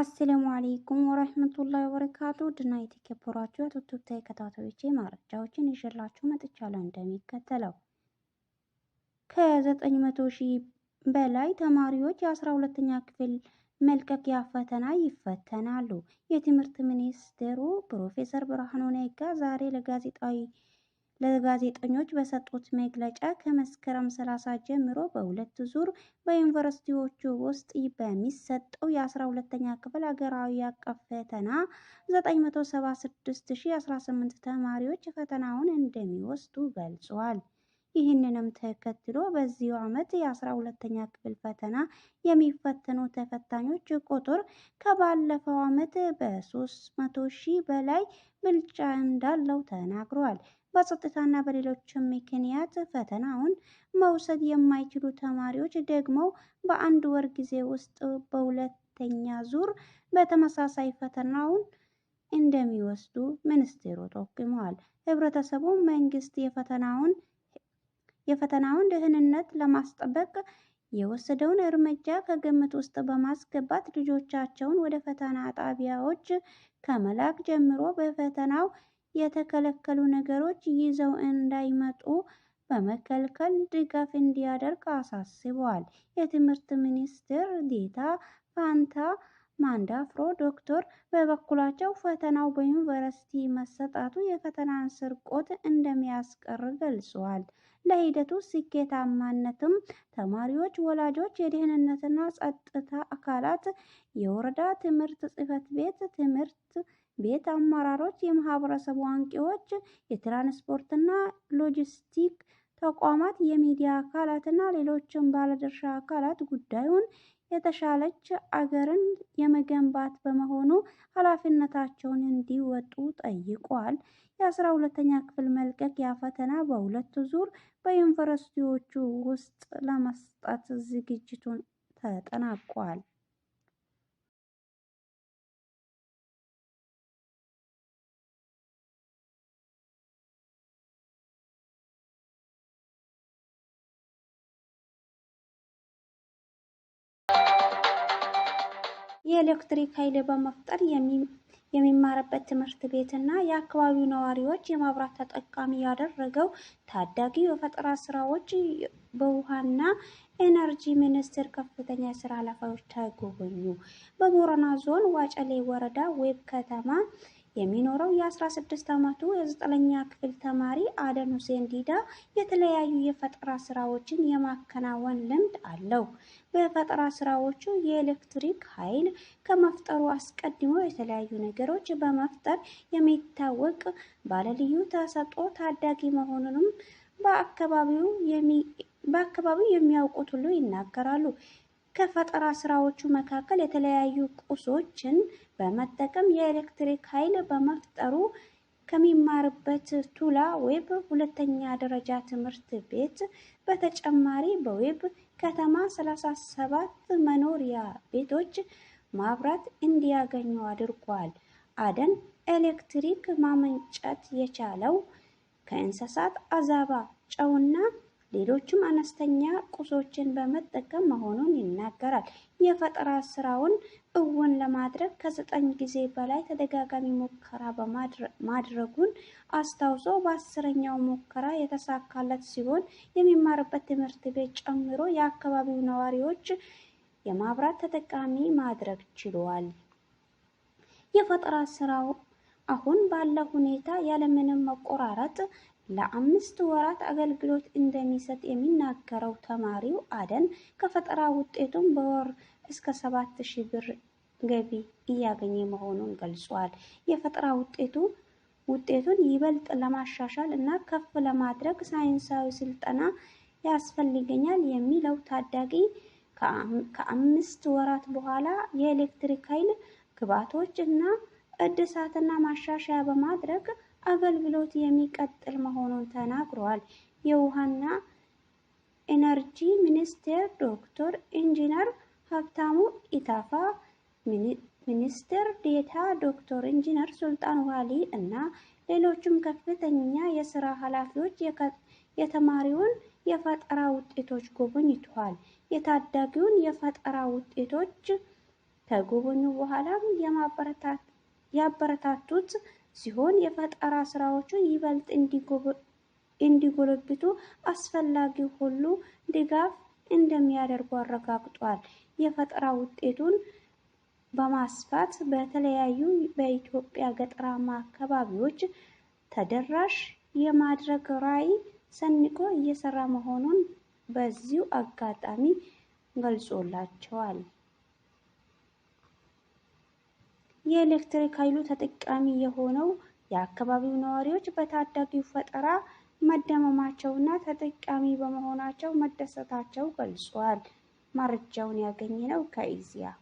አሰላሙ አሌይኩም ወረህመቱላሂ ወበረካቱ ድና የተከበሯችሁ የቱቱብ ተከታታዮቼ መረጃዎችን ይዤላችሁ መጥቻለሁ። እንደሚከተለው ከ900 ሺህ በላይ ተማሪዎች የ12ኛ ክፍል መልቀቂያ ፈተና ይፈተናሉ። የትምህርት ሚኒስትሩ ፕሮፌሰር ብርሃኑ ነጋ ዛሬ ለጋዜጣዊ ለጋዜጠኞች በሰጡት መግለጫ ከመስከረም 30 ጀምሮ በሁለት ዙር በዩኒቨርሲቲዎቹ ውስጥ በሚሰጠው የ12ኛ ክፍል ሀገራዊ አቀፍ ፈተና 976018 ተማሪዎች ፈተናውን እንደሚወስዱ ገልጿል። ይህንንም ተከትሎ በዚሁ ዓመት የአስራ ሁለተኛ ክፍል ፈተና የሚፈተኑ ተፈታኞች ቁጥር ከባለፈው ዓመት በሶስት መቶ ሺህ በላይ ብልጫ እንዳለው ተናግሯል። በጸጥታና በሌሎች ምክንያት ፈተናውን መውሰድ የማይችሉ ተማሪዎች ደግሞ በአንድ ወር ጊዜ ውስጥ በሁለተኛ ዙር በተመሳሳይ ፈተናውን እንደሚወስዱ ሚኒስቴሩ ጠቁመዋል። ህብረተሰቡ መንግስት የፈተናውን የፈተናውን ደህንነት ለማስጠበቅ የወሰደውን እርምጃ ከግምት ውስጥ በማስገባት ልጆቻቸውን ወደ ፈተና ጣቢያዎች ከመላክ ጀምሮ በፈተናው የተከለከሉ ነገሮች ይዘው እንዳይመጡ በመከልከል ድጋፍ እንዲያደርግ አሳስቧል። የትምህርት ሚኒስትር ዴታ ፋንታ ፍሮ ዶክተር በበኩላቸው ፈተናው በዩኒቨርሲቲ መሰጣቱ የፈተናን ስርቆት እንደሚያስቀር ገልጸዋል። ለሂደቱ ስኬታማነትም ተማሪዎች፣ ወላጆች፣ የደህንነትና ጸጥታ አካላት፣ የወረዳ ትምህርት ጽህፈት ቤት ትምህርት ቤት አመራሮች፣ የማህበረሰቡ አንቂዎች፣ የትራንስፖርትና ሎጂስቲክ ተቋማት፣ የሚዲያ አካላትና ሌሎችም ባለድርሻ አካላት ጉዳዩን የተሻለች አገርን የመገንባት በመሆኑ ኃላፊነታቸውን እንዲወጡ ጠይቋል። የአስራ ሁለተኛ ክፍል መልቀቂያ ፈተና በሁለት ዙር በዩኒቨርሲቲዎቹ ውስጥ ለመስጠት ዝግጅቱን ተጠናቋል። የኤሌክትሪክ ኃይል በመፍጠር የሚማርበት ትምህርት ቤት እና የአካባቢው ነዋሪዎች የመብራት ተጠቃሚ ያደረገው ታዳጊ የፈጠራ ስራዎች በውሃና ኤነርጂ ሚኒስቴር ከፍተኛ የስራ ኃላፊዎች ተጎበኙ። በቦረና ዞን ዋጨሌ ወረዳ ዌብ ከተማ የሚኖረው የ16 ዓመቱ የዘጠነኛ ክፍል ተማሪ አደን ሁሴን ዲዳ የተለያዩ የፈጠራ ስራዎችን የማከናወን ልምድ አለው። በፈጠራ ስራዎቹ የኤሌክትሪክ ኃይል ከመፍጠሩ አስቀድሞ የተለያዩ ነገሮች በመፍጠር የሚታወቅ ባለልዩ ተሰጥኦ ታዳጊ መሆኑንም በአካባቢው የሚያውቁት ሁሉ ይናገራሉ። ከፈጠራ ስራዎቹ መካከል የተለያዩ ቁሶችን በመጠቀም የኤሌክትሪክ ኃይል በመፍጠሩ ከሚማርበት ቱላ ዌብ ሁለተኛ ደረጃ ትምህርት ቤት በተጨማሪ በዌብ ከተማ 37 መኖሪያ ቤቶች ማብራት እንዲያገኙ አድርጓል። አደን ኤሌክትሪክ ማመንጨት የቻለው ከእንስሳት አዛባ ጨውና ሌሎችም አነስተኛ ቁሶችን በመጠቀም መሆኑን ይናገራል። የፈጠራ ስራውን እውን ለማድረግ ከዘጠኝ ጊዜ በላይ ተደጋጋሚ ሙከራ በማድረጉን አስታውሶ በአስረኛው ሙከራ የተሳካለት ሲሆን የሚማርበት ትምህርት ቤት ጨምሮ የአካባቢው ነዋሪዎች የማብራት ተጠቃሚ ማድረግ ችሏል። የፈጠራ ስራው አሁን ባለው ሁኔታ ያለምንም መቆራረጥ ለአምስት ወራት አገልግሎት እንደሚሰጥ የሚናገረው ተማሪው አደን ከፈጠራ ውጤቱም በወር እስከ ሰባት ሺህ ብር ገቢ እያገኘ መሆኑን ገልጿል። የፈጠራ ውጤቱ ውጤቱን ይበልጥ ለማሻሻል እና ከፍ ለማድረግ ሳይንሳዊ ስልጠና ያስፈልገኛል የሚለው ታዳጊ ከአምስት ወራት በኋላ የኤሌክትሪክ ኃይል ግብዓቶች እና እድሳትና ማሻሻያ በማድረግ አገልግሎት የሚቀጥል መሆኑን ተናግረዋል። የውሃና ኢነርጂ ሚኒስቴር ዶክተር ኢንጂነር ሀብታሙ ኢታፋ ሚኒስትር ዴታ ዶክተር ኢንጂነር ሱልጣን ዋሊ እና ሌሎችም ከፍተኛ የስራ ኃላፊዎች የተማሪውን የፈጠራ ውጤቶች ጎብኝተዋል። የታዳጊውን የፈጠራ ውጤቶች ከጎበኙ በኋላም ያበረታቱት ሲሆን የፈጠራ ስራዎቹን ይበልጥ እንዲጎለብቱ አስፈላጊ ሁሉ ድጋፍ እንደሚያደርጉ አረጋግጧል። የፈጠራ ውጤቱን በማስፋት በተለያዩ በኢትዮጵያ ገጠራማ አካባቢዎች ተደራሽ የማድረግ ራዕይ ሰንቆ እየሰራ መሆኑን በዚሁ አጋጣሚ ገልጾላቸዋል። የኤሌክትሪክ ኃይሉ ተጠቃሚ የሆነው የአካባቢው ነዋሪዎች በታዳጊው ፈጠራ መደመማቸው እና ተጠቃሚ በመሆናቸው መደሰታቸው ገልጿል። መረጃውን ያገኘነው ከኢዜአ